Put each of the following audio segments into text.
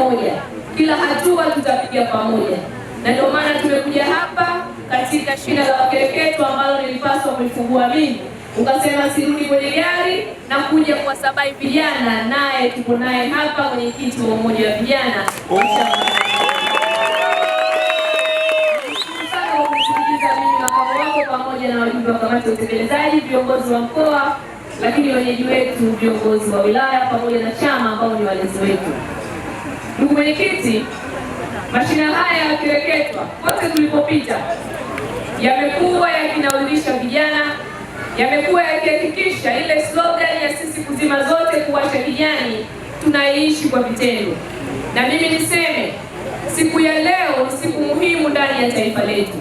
pamoja, kila hatua tutapiga pamoja, na ndio maana tumekuja hapa katika shina la wakereketo ambalo nilipaswa kulifungua mimi, ukasema sirudi kwenye gari na kuja kuwasabai vijana, naye tuko naye hapa mwenyekiti wa umoja wa vijana pamoja na wajumbe wa kamati ya utekelezaji, viongozi wa mkoa, lakini wenyeji wetu, viongozi wa wilaya pamoja na chama ambao ni walezi wetu. Ndugu mwenyekiti, mashina haya yakireketwa kote tulipopita, yamekuwa yakinaulisha vijana, yamekuwa yakihakikisha ile slogan ya sisi kuzima zote kuwasha kijani tunaishi kwa vitendo. Na mimi niseme siku ya leo ni siku muhimu ndani ya taifa letu,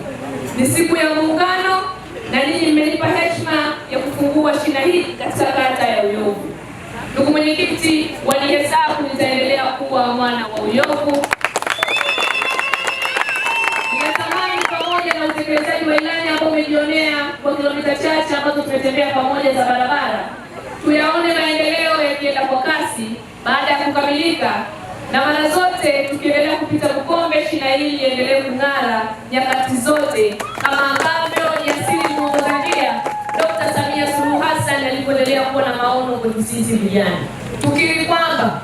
ni siku ya Muungano, na ninyi mmenipa heshima ya kufungua shina hili katika kata ya Uyovu. Ndugu mwenyekiti, wanihesabu nitaendelea kuwa mwana wa Uyovu. natamani pamoja na utekelezaji wa ilani ambao umejionea kwa kilomita chache ambazo tumetembea pamoja za barabara, tuyaone maendeleo yakienda kwa kasi baada ya kukamilika, na mara zote tukiendelea kupita Bukombe, shina hili liendelee kung'ara nyakati zote kama ambavyo jasiri muongozalia Dkt. Samia Suluhu Hassan alivyoendelea kuwa na maono kwenye sisi vijana, tukiri kwamba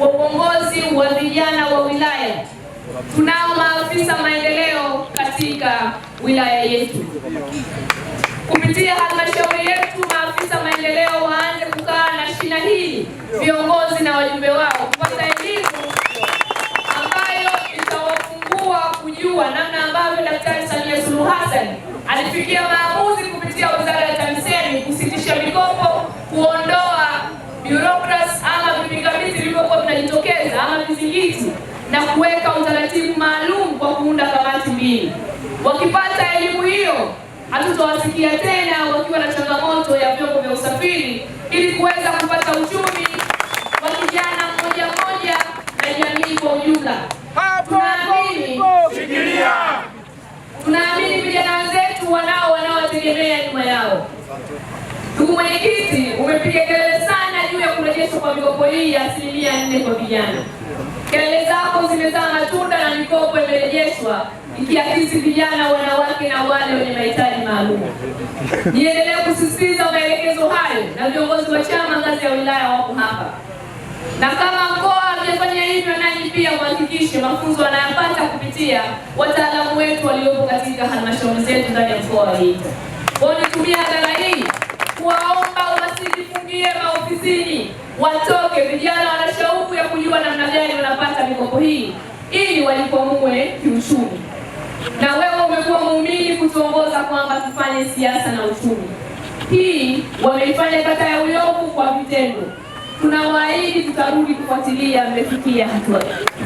kwa uongozi wa vijana wa wilaya, tunao maafisa maendeleo katika wilaya yetu. Kupitia halmashauri yetu, maafisa maendeleo waanze kukaa na shina hili, viongozi na wajumbe wao kupata elimu ambayo itawafungua kujua namna ambavyo Daktari Samia Suluhu Hassan alifikia vilivyokuwa vinajitokeza ama vizingiti na kuweka utaratibu maalum kwa kuunda kamati mbili. Wakipata elimu hiyo, hatutawasikia tena wakiwa na changamoto ya vyombo vya usafiri, ili kuweza kupata uchumi wa kijana mmoja mmoja na jamii kwa ujumla. Tunaamini vijana wenzetu wanao wanaotegemea nyuma yao. Ndugu mwenyekiti mikopo hii ya asilimia nne kwa vijana. Kelele zako zimezaa matunda na mikopo imerejeshwa ikiakisi vijana, wanawake na wale wenye mahitaji maalum. Niendelee kusisitiza maelekezo hayo, na viongozi wa chama ngazi ya wilaya wako hapa, na kama mkoa amefanya hivyo, nanyi pia uhakikishe mafunzo wanayapata kupitia wataalamu wetu waliopo katika halmashauri zetu ndani ya mkoa wa Geita. Nitumia hadhara hii watoke vijana, wana shauku ya kujua namna gani wanapata mikopo hii ili walikwamue kiuchumi. Na wewe umekuwa muumini kutuongoza kwamba tufanye siasa na uchumi. Hii wameifanya kata ya Uyovu kwa vitendo. Tunawaahidi tutarudi kufuatilia mmefikia hatua.